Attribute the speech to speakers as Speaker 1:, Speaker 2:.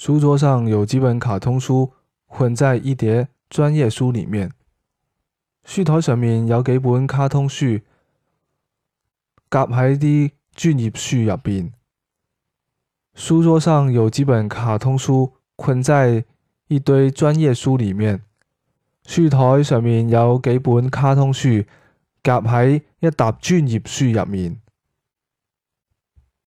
Speaker 1: 書桌上有幾本卡通書混在一疊專業書裏面，書台上面有幾本卡通書夾喺啲專業書入邊。書桌上有幾本卡通書混在一堆專業書裏面，書台上面有幾本卡通書夾喺一沓專業書入面。